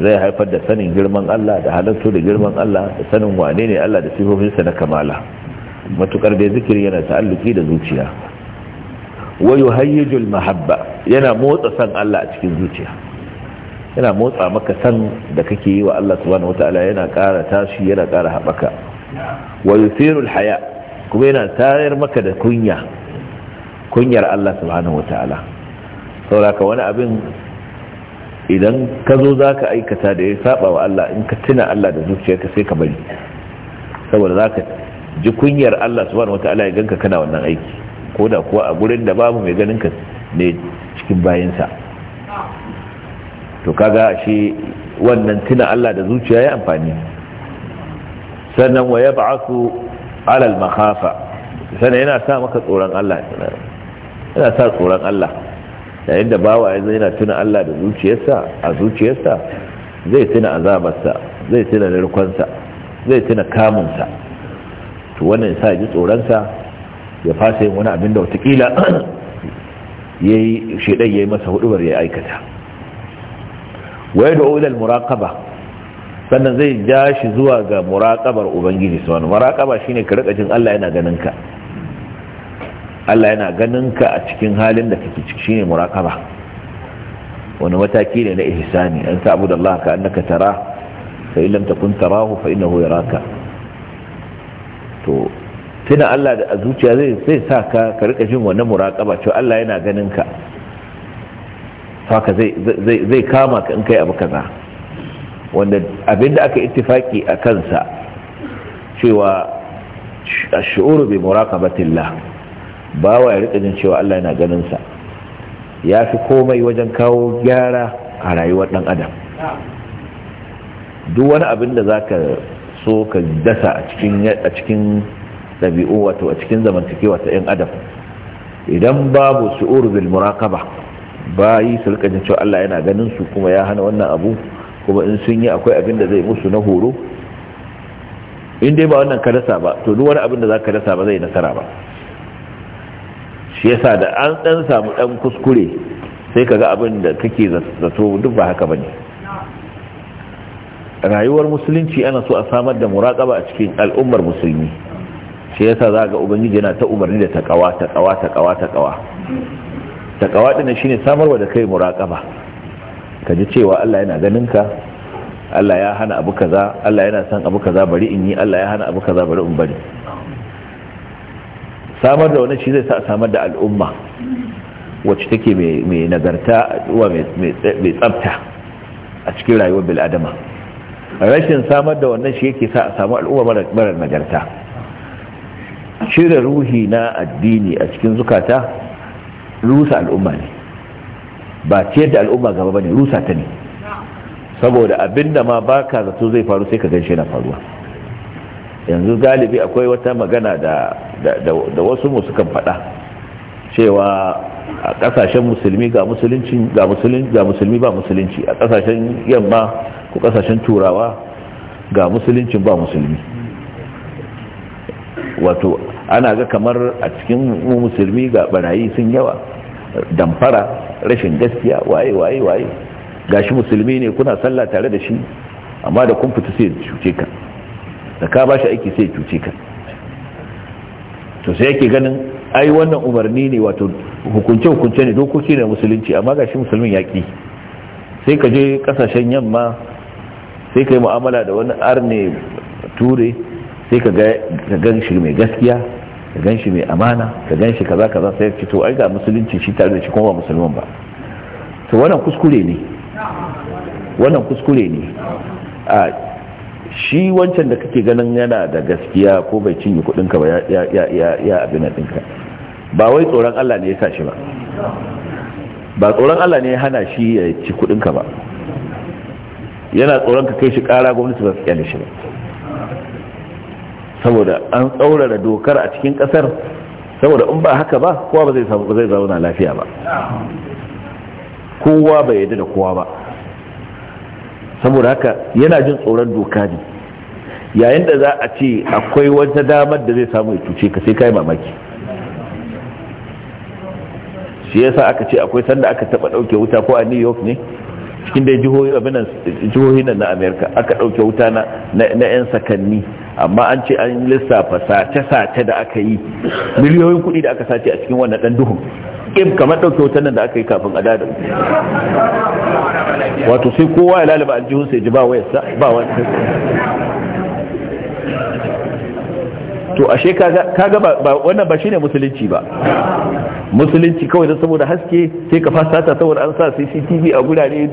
zai haifar da sanin girman Allah da halattu da girman Allah da sanin wane ne Allah da sifofinsa na kamala matukar da zikiri yana ta'alluki da zuciya wa yuhayyijul mahabba yana motsa san Allah a cikin zuciya yana motsa maka san da kake yi wa Allah subhanahu wataala yana ƙara tashi yana ƙara haɓaka wa yusirul haya kuma yana tayar maka da kunya kunyar Allah subhanahu wataala saboda wani abin idan ka zo za ka aikata da ya saba wa Allah in ka tuna Allah da zuciyarka sai ka bari saboda za ka ji kunyar Allah su subhanahu wata'ala ya ganka kana wannan aiki ko da kuwa a gurin da babu mai ganin ka ne cikin bayansa to kaga shi wannan tuna Allah da zuciya ya amfani sannan wa ya ba'asu alal makhafa sannan yana sa maka tsoron Allah yana sa tsoron Allah yayin da bawa ya yana tuna Allah da zuciyarsa a zuciyarsa zai tuna azabarsa zai tuna narkonsa zai tuna kamunsa to wannan sa ji tsoronsa ya fasa yin wani abin da watakila [CLEARS THROAT] ya yi shaidan ya yi masa hudubar ya aikata waya da oilal sannan zai ja shi zuwa ga muraqabar ubangiji su wani shine shi ne ka rika jin Allah yana ganin ka Allah yana ganin ka a cikin halin da kake ciki shine muraqaba wani mataki ne na ihsani an ta'budu Allah ka annaka tara fa illam takun tarahu fa innahu yaraka to tuna Allah da zuciya zai sai sa ka ka rika jin wannan muraqaba cewa Allah yana ganin ka haka zai zai zai kama ka in kai abu kaza wanda abinda aka ittifaki a kansa cewa ash-shu'uru bi muraqabati Allah bawa ya rika jin cewa Allah yana ganinsa. ya fi komai wajen kawo gyara a rayuwar dan adam duk wani abin da za ka so ka dasa a cikin a dabi'u wato a cikin zamantakewa ta yan adam idan babu su'ur bil muraqaba yi su rika jin cewa Allah yana ganin su kuma ya hana wannan abu kuma in sun yi akwai abin da zai musu na horo in dai ba wannan ka dasa ba to duk wani abin da za ka dasa ba zai nasara ba shi yasa da an dan samu dan kuskure sai kaga abin da kake zato duk ba haka bane rayuwar musulunci ana so a samar da muraqaba a cikin al'ummar musulmi shi yasa za ga ubangiji yana ta umarni da taqawa ta taqawa Ta taqawa din shine samarwa da kai muraqaba ji cewa Allah yana ganin ka Allah ya hana abu kaza Allah yana son abu kaza bari in yi Allah ya hana abu kaza bari in bari samar da wani shi zai sa a samar da al'umma wacce take mai nagarta wa mai tsabta a cikin rayuwar bil'adama rashin samar da wannan shi yake sa a samu al'umma marar nagarta cire ruhi na addini a cikin zukata rusa al'umma ne ba ce da al'umma gaba ba ne rusa ta ne saboda abinda ma baka zato zai faru sai ka gan shi na faruwa yanzu galibi akwai wata magana da da wasu mu sukan faɗa cewa a kasashen musulmi ga musulunci ga ga musulmi ba musulunci a kasashen yamma ko kasashen turawa ga musulunci ba musulmi wato ana ga kamar a cikin mu musulmi ga barayi sun yawa damfara rashin gaskiya waye waye waye gashi musulmi ne kuna sallah tare da shi amma da kun fita sai cuce ka da ka ba shi aiki sai cuce ka to sai yake ganin ai wannan umarni ne wato hukunce-hukunce ne dokoki da musulunci amma ga shi musulmin yaƙi sai ka je ƙasashen yamma sai ka yi mu'amala da wani arne ture sai ka gan shi mai gaskiya ka gan shi mai amana ka gan shi kaza kaza sai ce to ai ga musulunci shi tare da shi kuma ba musulman ba to wannan kuskure ne wannan kuskure ne a shi wancan da kake ganin yana da gaskiya ko bai cinye kudinka ba ya na dinka ba wai tsoron Allah ne ya sa shi ba ba tsoron Allah ne ya hana shi ya ci kudinka ba yana tsoron ka kai shi kara gwamnati ba su kyale shi ba saboda an tsaurara dokar a cikin kasar saboda in ba haka ba kowa ba zai zauna lafiya ba kowa bai yadda da kowa ba saboda haka yana jin tsoron doka ne yayin da za a ce akwai wata damar da zai samu ya cuce ka sai kai mamaki shi yasa aka ce akwai sanda aka taba dauke wuta ko a New York ne cikin da jihohi jihohi na America aka dauke wuta na na yan sakanni amma an ce an lissafa sace sace da aka yi miliyoyin kuɗi da aka sace a cikin wannan dan duhun ƙib kamar ɗauke wutar nan da aka yi kafin a dada wato sai kowa ya lalaba aljihun sai ji ba wayarsa ba wani to ashe kaga ba wannan ba shine musulunci ba musulunci kawai don saboda haske sai ka ta saboda an sa CCTV a gurare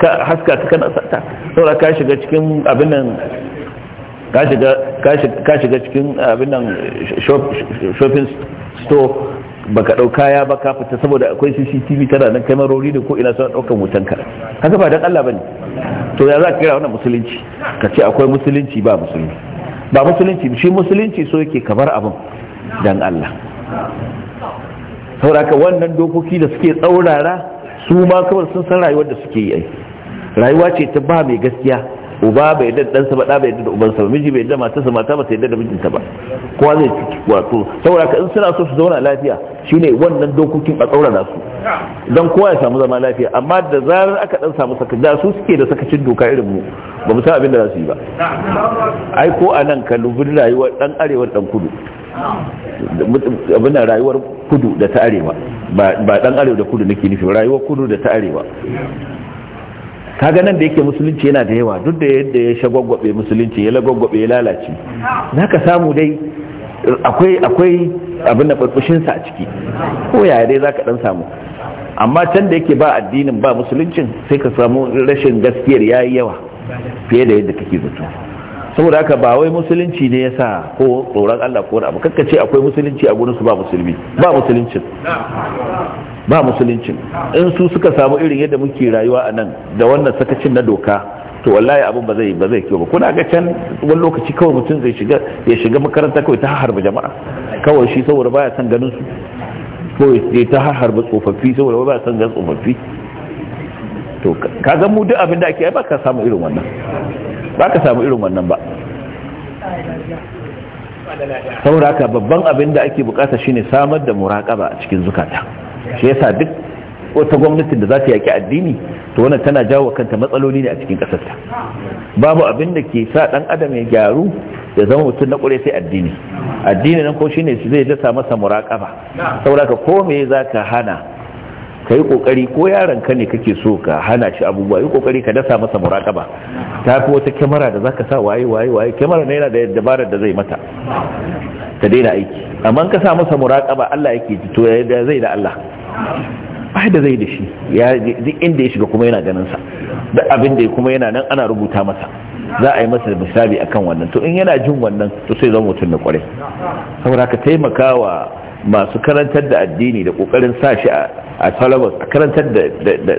ka haska ta kana sata saboda ka shiga cikin abin nan ka shiga cikin abin nan shopping store baka dau kaya ba ka fita saboda akwai CCTV tana nan kamarori da ko ina suna daukan wutan ka haka ba dan Allah bane to ya za ka kira wannan musulunci ka ce akwai musulunci ba musulmi ba musulunci shi musulunci so yake kamar abin dan Allah saboda wannan dokoki da suke tsaurara su ma kawai sun san rayuwar da suke yi rayuwa ce ta ba mai gaskiya uba bai yadda ɗansa ba da bai yadda da ubansa ba miji bai yadda matarsa mata ba ta yadda da mijinta ba kowa zai ciki wato saboda ka in suna so su zauna lafiya shine wannan dokokin a tsaurara su dan kowa ya samu zama lafiya amma da zarar aka dan samu saka da su suke da sakacin doka irin mu ba mu san abin da za su yi ba ai ko anan ka lubi rayuwar dan arewar dan kudu abin rayuwar kudu da ta arewa ba dan arewa da kudu nake nufi rayuwar kudu da ta arewa kaga nan da yake musulunci yana da yawa duk da yadda ya shagwagwabe musulunci ya lagwagwabe ya lalace ka samu dai akwai akwai abin da burbushin sa a ciki ko yaya dai zaka dan samu amma can da yake ba addinin ba musuluncin sai ka samu rashin gaskiyar yayi yawa fiye da yadda kake zato saboda haka ba wai musulunci ne ya sa ko tsoron Allah ko wani abu kakka ce akwai musulunci a gurinsu ba musulmi ba musuluncin ba musuluncin in su suka samu irin yadda muke rayuwa a nan da wannan sakacin na doka to wallahi abin ba zai ba zai kiyo ba kuna ga can wani lokaci kawai mutum zai shiga ya shiga makaranta kawai ta harba jama'a kawai shi saboda baya son ganin su ko ya ta harba tsofaffi saboda baya son ganin tsofaffi to ga mu duk abin da ake ai ba ka samu irin wannan ba ka samu irin wannan ba saboda haka babban abin da ake bukata shine samar da muraƙaba a cikin zukata shi yasa duk wata gwamnatin da za ta yaki addini to wannan tana jawo kanta matsaloli ne a cikin ƙasarta babu abin da ke sa ɗan adam ya gyaru ya zama mutum na kure sai addini addini nan ko shine zai dasa masa muraƙaba saboda ka ko me za hana ka yi kokari ko yaron ka ne kake so ka hana shi abubuwa yi kokari ka dasa masa muraƙaba ta fi wata kyamara da zaka sa waye waye waye kyamara na yana da dabarar da zai mata ta daina aiki amma ka sa masa muraƙaba Allah yake ji to da zai da Allah ba da zai da shi ya duk inda ya shiga kuma yana ganin sa duk abin da kuma yana nan ana rubuta masa za a yi masa misali akan wannan to in yana jin wannan to sai zan mutum na kwarai saboda ka taimakawa masu karantar da addini da kokarin sa shi a a talabas a karantar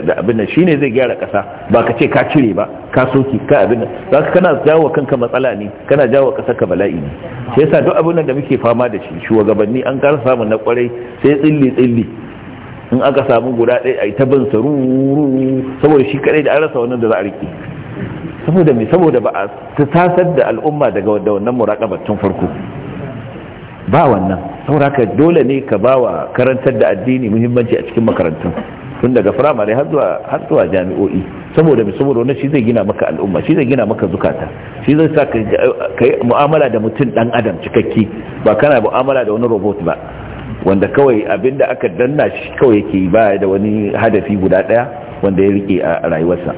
da abin shi shine zai gyara kasa ba ka ce ka cire ba ka soki ka abin da za ka kana jawo kanka matsala ne kana jawo kasa ka bala'i ne sai sa duk abin da muke fama da shi shugabanni an kara samu na kwarai sai tsilli tsilli in aka samu guda ɗaya a yi ta sa ruru saboda shi kadai da an rasa wannan da za a rike saboda me saboda ba a tasar da al'umma daga wannan muraƙabar tun farko ba wannan sauraka dole ne ka ba wa karantar da addini muhimmanci a cikin makarantun tun daga firamare har zuwa jami'o'i saboda mai saboda wani shi zai gina maka al'umma shi zai gina maka zukata shi zai sa ka yi mu'amala da mutum dan adam cikakki ba kana mu'amala da wani robot ba wanda kawai abinda aka danna shi kawai yake ba da wani hadafi guda daya wanda ya rike a rayuwarsa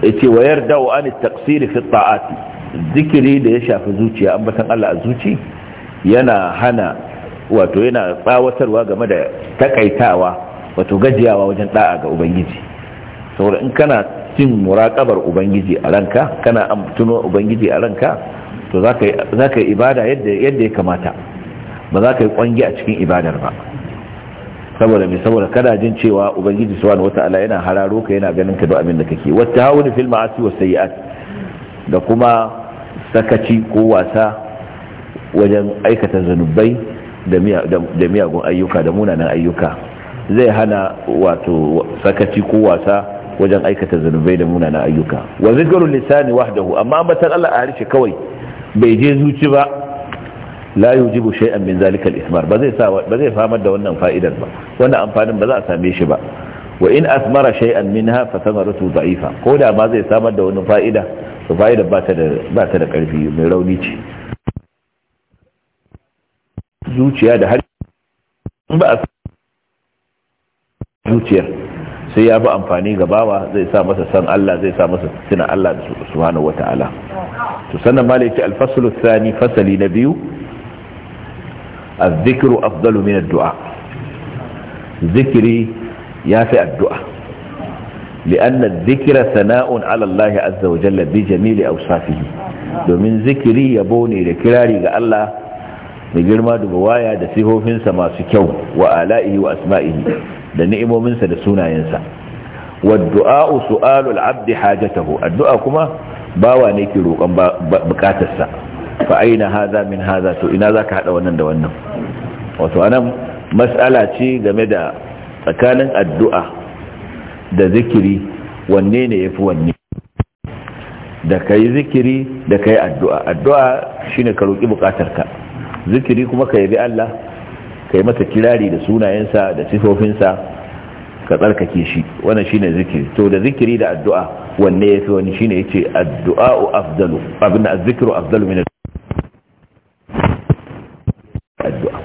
yace wayar da an at fi taati zikiri da ya shafi zuciya ambatan Allah a zuci yana hana wato yana tsawatarwa game da takaitawa wato gajiyawa wajen da'a ga ubangiji saboda in kana cin muraqabar ubangiji a ranka kana tuno ubangiji a ranka to za ka ibada yadda ya kamata ba za ka yi kwangi a cikin ibadar ba saboda mai saboda kada jin cewa ubangiji suwa na wata'ala yana hararo ka yana ganin ka da abin da kake wata hawan filma ma'asi wa sayi'at da kuma sakaci ko wasa wajen aikata zanubai da miyagun ayyuka da munanan ayyuka zai hana wato sakaci ko wasa wajen aikata zanubai da munanan ayyuka wa zikrul lisani wahdahu amma batar Allah a harshe kawai bai je zuci ba la yujibu shay'an min zalika al-ithmar ba zai sa ba zai da wannan fa'idar ba wannan amfanin ba za a same shi ba wa in asmara shay'an minha fa thamaratu da'ifa ko da ma zai samar da wani fa'ida su da ba ta da ƙarfi mai rauni ce zuciya da har ba a zuciyar sai ya fi amfani ga bawa zai sa masa san Allah zai sa masa tuna Allah da subhanahu wata'ala to sannan ma laifi alfaslu thani fasali na biyu az-zikru afdalu min dua zikiri ya fi addu'a li'anna dhikra sana'un 'ala Allah azza wa jalla bi domin zikiri ya ne da kirari ga Allah da girma da waya da sifofinsa masu kyau wa ala'ihi wa asma'ihi da ni'imominsa da sunayensa wa du'a'u su'alul 'abdi hajatahu addu'a kuma bawa ne ke roƙon bukatarsa fa aina hadha min hadha to ina zaka hada wannan da wannan wato anan mas'ala ce game da tsakanin addu'a da zikiri wanne ne ya fi wanne da ka yi zikiri da ka yi addu'a addu'a shi ne ka roƙi buƙatarka zikiri kuma ka yabi Allah ka yi mata kirari da sunayensa da sifofinsa ka tsarkake shi wannan shi ne zikiri to da zikiri da addu'a wanne ya fi wani shi ne ya ce addu'a'u afdalu abin da zikiru afdalu addu'a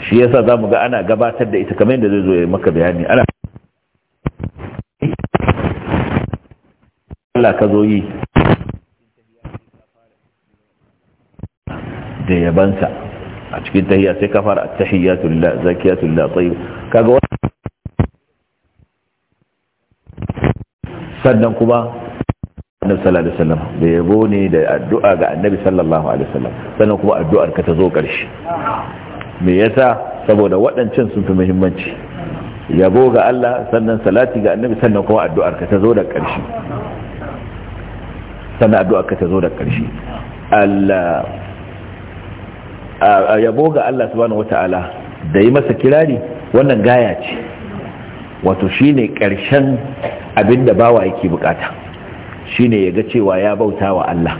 shi yasa za mu ga ana gabatar da ita kamar yadda zai zo ya maka bayani ana Allah ka zo yi da yabansa a cikin tahiyya sai ka fara tahiyyatu lillah zakiyatu lillah tayyib kaga wannan sannan kuma annabi sallallahu alaihi wasallam da yabo ne da addu'a ga annabi sallallahu alaihi wasallam sannan kuma addu'ar ka ta zo karshe me yasa saboda waɗancan sun fi muhimmanci yabo ga Allah sannan salati ga annabi sannan kuma addu'ar ka ta zo da karshe sannan addu'a ka ta zo da ƙarshe a yabo ga Allah subhanahu wata'ala da yi masa kirari wannan gaya ce wato shine ƙarshen abin da bawa yake bukata ne ya ga cewa ya bauta wa Allah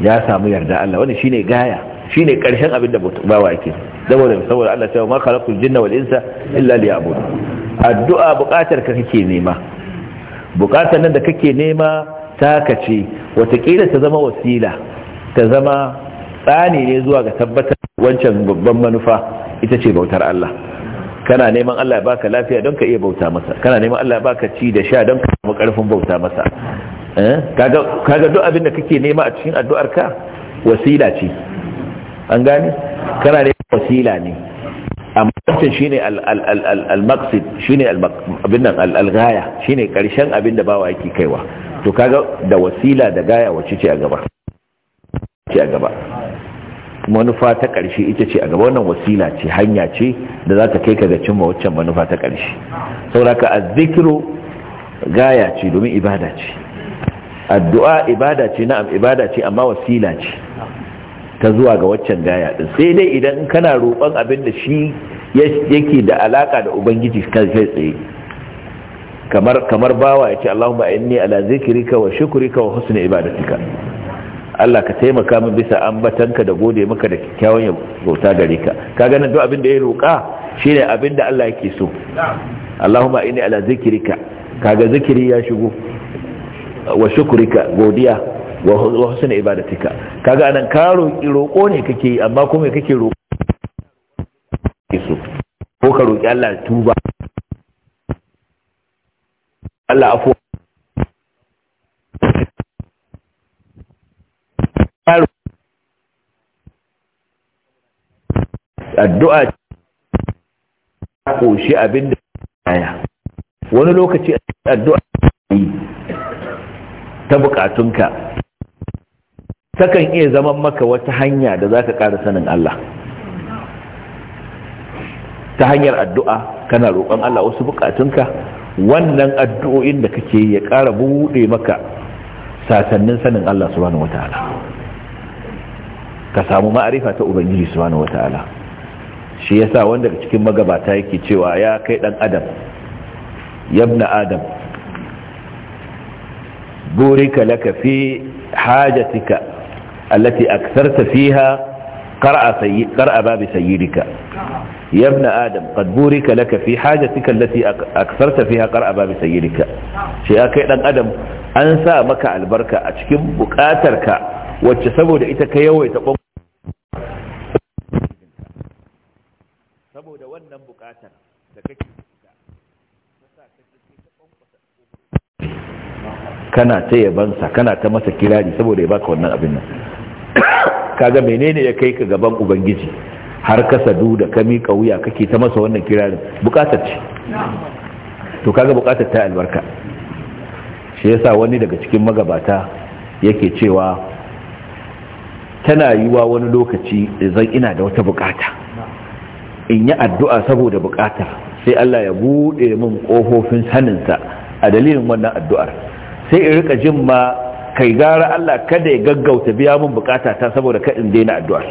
ya samu yarda Allah wannan shine gaya Shi ne ƙarshen abin da bawa yake saboda saboda Allah cewa ma khalaqul jinna wal insa illa liya'budun addu'a bukatar ka kake nema bukatar nan da kake nema taka ce watakila ta zama wasila ta zama tsani ne zuwa ga tabbatar wancan babban manufa ita ce bautar Allah kana neman Allah ya baka lafiya don ka iya bauta masa kana neman Allah ya baka ci da sha don ka samu karfin bauta masa eh? kaga duk abin da kake nema a cikin addu'ar ka wasila ce an gane kana neman wasila ne amma wancan shine al-maqsid shine abin nan al-ghaya shine karshen abin da bawa yake kaiwa to kaga da wasila da gaya wacce ce a gaba ce a gaba manufa ta ƙarshe ita ce a gaba wannan wasila ce hanya ce da za ta kai ka ga cimma waccan manufa ta ƙarshe sauraka a zikiro gaya ce domin ibada ce addu'a ibada ce na'am ibada ce amma wasila ce ta zuwa ga waccan gaya din sai dai idan kana roƙon abin da shi yake da alaka da ubangiji kai tsaye kamar kamar bawa ce Allahumma inni ala zikrika wa shukrika wa husni ibadatika Allah ka taimaka min bisa ambatanka da gode maka da kyakkyawan yabota gare ka kaga nan duk abin da ya roka shine abin da Allah yake so Allahumma inni ala zikrika kaga zikiri ya shigo wa shukrika godiya wa husni ibadatika kaga anan ka roki roko ne kake amma kuma kake roko ko ka roki Allah tuba Allah afu addu'a ta koshi abin da ya wani lokaci addu'a ta bukatunka kan iya zaman maka wata hanya da za ka ƙara sanin Allah ta hanyar addu'a kana roƙon Allah wasu bukatunka wannan addu'o'in da kake ya ƙara buɗe maka sasannin sanin Allah subhanahu wata'ala ka samu ma'arifa ta ubangiji subhanahu wata'ala shi sa wanda cikin magabata yake cewa ya kai ɗan adam yabna adam burinka laka fi hajatika allati aktharta fiha قرأ, سي... قرأ باب سيدك يا ابن آدم قد بورك لك في حاجتك التي أكثرت فيها قرأ باب سيدك شيئا كيدا آدم أنسى مكة البركة أشكم بكاترك واتسبو لإتك يوي تقوم سبو دوانا بكاتر لكك kana ta yabansa kana ta masa kirari saboda ya baka wannan abin nan kaga menene ya kai ka gaban ubangiji har ka sadu da ka miƙa wuya kake ta masa wannan kirarin bukatar ce to kaga bukatar ta albarka shi yasa wani daga cikin magabata yake cewa tana yiwa wani lokaci zan ina da wata bukata in yi addu'a saboda bukatar sai Allah ya buɗe min ƙofofin saninsa a dalilin wannan addu'ar sai in rika jin ma kai gara Allah kada ya gaggauta biya mun bukata ta saboda kaɗin daina addu'a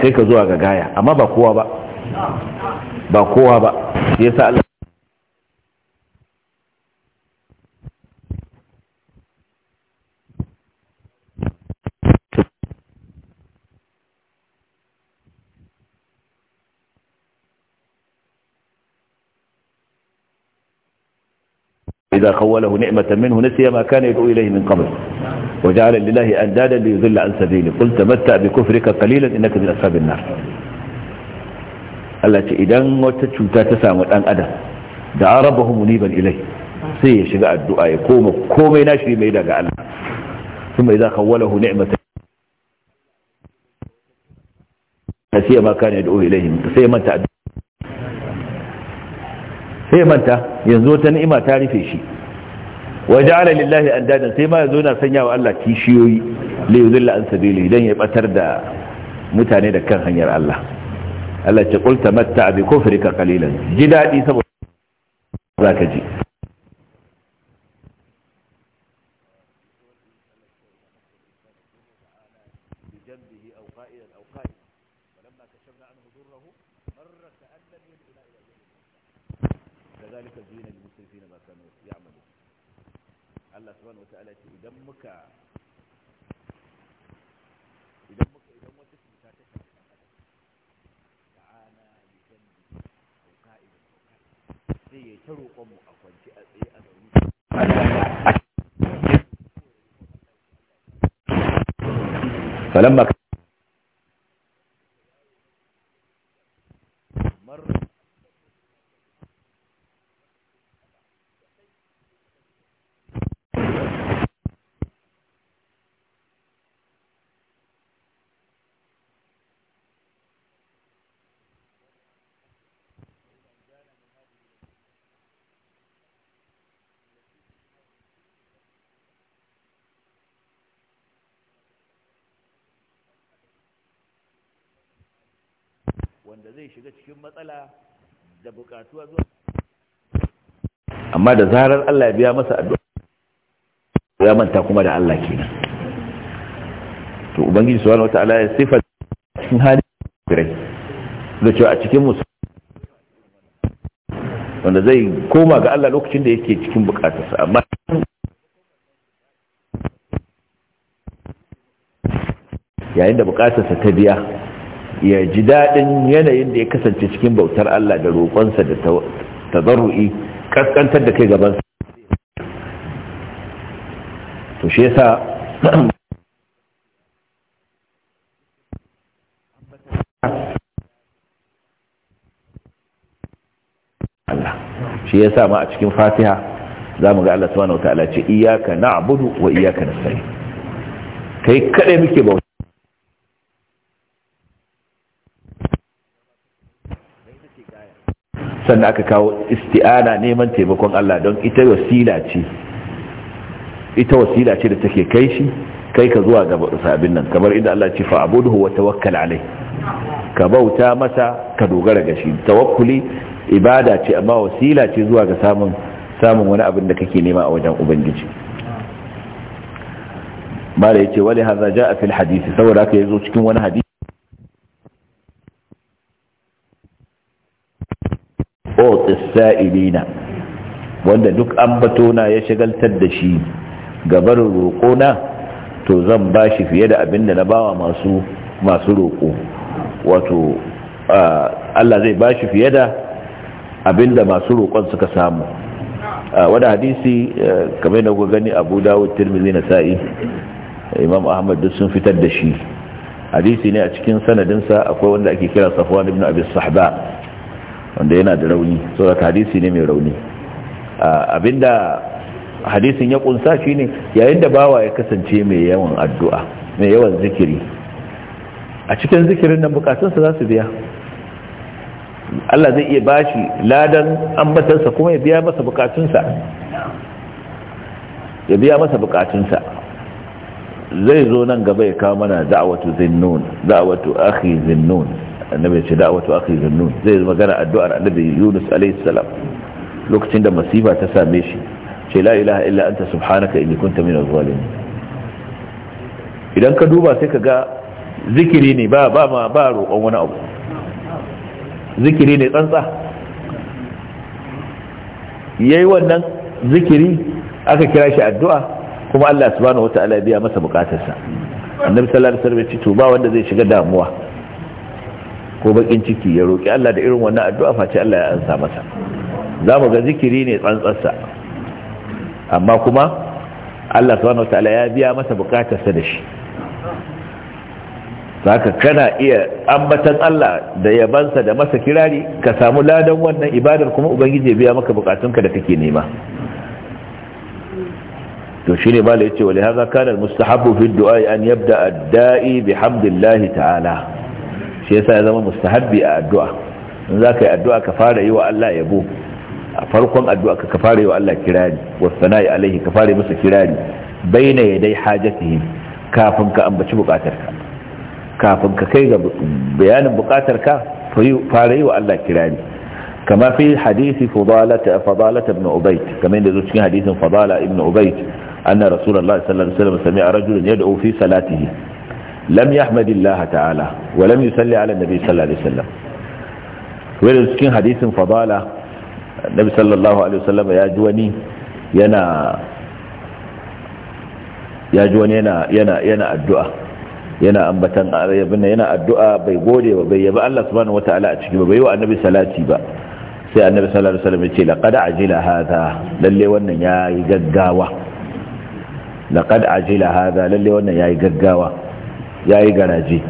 kai ka zuwa ga gaya amma ba kowa ba ba kowa ba shi yasa Allah إذا خوله نعمة منه نسي ما كان يدعو إليه من قبل وجعل لله أندادا ليذل عن سبيله قل تمتع بكفرك قليلا إنك من أصحاب النار Allah ce idan wata cuta ta samu ɗan adam da arabahu muniban ilai sai ya shiga addu'a ya koma komai nashi mai daga Allah kuma idza khawwalahu ni'matan nasiya ma kana yad'u ilaihim sai manta sai manta yanzu ta ni'ima ta rufe shi waja'ala lillahi andadan sai ma yazo yana sanya wa Allah kishiyoyi li yudilla an sabili dan ya batar da mutane da kan hanyar Allah Allah ce qul tamatta bi kufrika qalilan ji daɗi saboda zaka ji ذلك الدين Allah subhanahu wataala ce idan muka idan muka idan wata cuta ta shafi ɗan adam ta'ana bi sai ya ta roƙon mu a kwance a tsaye a zaune wanda zai shiga cikin matsala da a zuwa amma da zarar Allah ya biya masa addu'a ya manta kuma da Allah kenan to ubangiji subhanahu wataala ya sifa cikin hali kirai da cewa a cikin musu wanda zai koma ga Allah lokacin da yake cikin bukatarsa amma yayin da bukatarsa ta biya ya ji daɗin yanayin da ya kasance cikin bautar Allah da roƙonsa da tazarru'i ƙasƙantar da kai gaban to shi yasa Allah shi yasa ma a cikin Fatiha za mu ga Allah subhanahu wataala ce iyyaka na'budu wa iyyaka nasta'in kai kaɗai muke bauta sannan aka kawo isti'ana neman taimakon Allah don ita wasila ce ita wasila ce da take kai shi kai ka zuwa ga sabin nan kamar inda Allah ce fa'buduhu wa tawakkal alai ka bauta masa ka dogara ga shi tawakkuli ibada ce amma wasila ce zuwa ga samun samun wani abin da kake nema a wajen ubangiji mala yace wali hadha jaa fil hadisi saboda haka yazo cikin wani hadisi otis sa'ilina wanda duk an na ya shagaltar da shi gabar roƙona to zan ba shi fiye da abin da na bawa masu masu roƙo wato Allah zai ba shi fiye da abin da masu roƙon suka samu wani hadisi kamar da gani abu dawud tirmidhi na sa'i imam ahmad duk sun fitar da shi hadisi ne a cikin sanadinsa akwai wanda ake kira safwan ibn abi sahba wanda yana da rauni saboda hadisi ne mai rauni abinda hadisin ya kunsa ne, yayin da bawa ya kasance mai yawan addu'a mai yawan zikiri a cikin zikirin nan bukatunsa za su biya Allah zai iya bashi ladan ambatarsa kuma ya biya masa bukatunsa ya biya masa bukatunsa zai zo nan gaba ya kawo mana da'awatu zinnun da'awatu akhi zinnun annabi ya ce da'watu akhi zunnun zai magana addu'ar annabi Yunus alaihi salam lokacin da masifa ta same shi ce la ilaha illa anta subhanaka inni kunta minaz zalimin idan ka duba sai ka ga zikiri ne ba ba ma ba roƙon wani abu zikiri ne tsantsa yayi wannan zikiri aka kira shi addu'a kuma Allah subhanahu wataala ya biya masa bukatarsa annabi sallallahu alaihi wasallam ya ce to ba wanda zai shiga damuwa ko bakin ciki ya roki Allah da irin wannan addu'a face Allah ya ansa masa za mu ga zikiri ne tsantsarsa amma kuma Allah subhanahu wataala ya biya masa bukatarsa da shi saka kana iya ambatan Allah da yabansa da masa kirari ka samu ladan wannan ibadar kuma ubangiji ya biya maka bukatunka da kake nema to shi ne bala ya ce wale haza kanar mustahabbu fi du'a an yabda adda'i bi hamdillahi ta'ala shi yasa ya zama mustahabbi a addu'a in za ka yi addu'a ka fara yi wa Allah yabo a farkon addu'a ka fara yi wa Allah kirari wasana'i alaihi ka fara yi masa kirari baina yadai hajatihi kafin ka ambaci bukatarka kafin ka kai ga bayanin bukatarka fara yi wa Allah kirari kama fi hadisi fadalata fadalata ibn ubayd kamar yadda zo cikin hadisin fadala ibn ubayd anna rasulullahi sallallahu alaihi wasallam sami'a rajulan yad'u fi salatihi lam yahmadillaha ta'ala wa lam yusalli ala nabi sallallahu alaihi wasallam cikin hadisin fadala nabi sallallahu alaihi wasallam ya ji wani yana ya ji wani yana yana yana addu'a yana ambatan yana addu'a bai gode ba bai yabi Allah subhanahu wataala a ciki ba bai yi wa annabi salati ba sai annabi sallallahu alaihi wasallam ya ce laqad ajila hadha lalle wannan yayi gaggawa laqad ajila hadha lalle wannan yayi gaggawa ya yi garaje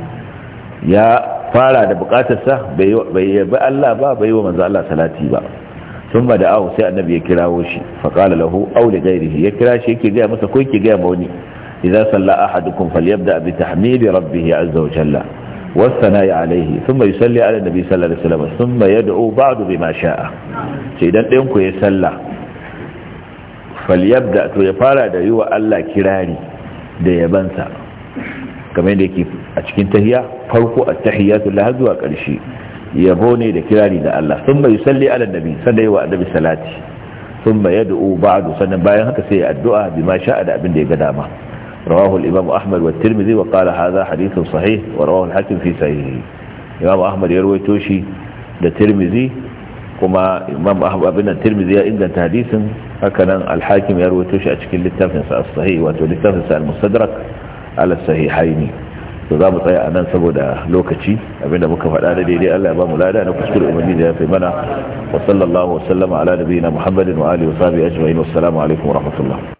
ya fara da bukatarsa bai yi Allah ba bai wa manzo Allah salati ba sun ba da ahu sai annabi ya kirawo shi faƙala lahu au da gairihi ya kira shi yake gaya masa ko yake gaya mawani idan salla ahadukum falyabda bi tahmidi rabbih azza wa jalla والثناء عليه ثم يصلي على النبي صلى الله عليه وسلم ثم يدعو بعد بما شاء idan ɗayan ku ya salla falyabda to ya fara da yi wa Allah kirari da yabansa kamar yadda yake a cikin tahiya farko a tahiyatu lillahi zuwa ƙarshe yabo ne da kirari da Allah thumma salli ala nabi sannan wa annabi salati thumma yad'u ba'du sannan bayan haka sai addu'a bima sha'a da abin da ya ga dama rawahu al-imam ahmad wa tirmidhi wa qala hadha hadithun sahih wa rawahu al-hakim fi sahihi imam ahmad ya rawaito shi da tirmidhi kuma imam abin da tirmidhi ya inganta hadisin hakanan al-hakim ya rawaito shi a cikin littafin sa as-sahih wato littafin sa al-mustadrak ala ne to za mu tsaya a nan saboda lokaci abinda muka faɗa da daidai Allah ya ba mu lada na kuskure umarni da ya fi mana wa sallallahu wa sallama ala nabiyina muhammadin wa alihi wa sahbihi ajma'in wassalamu alaikum wa rahmatullah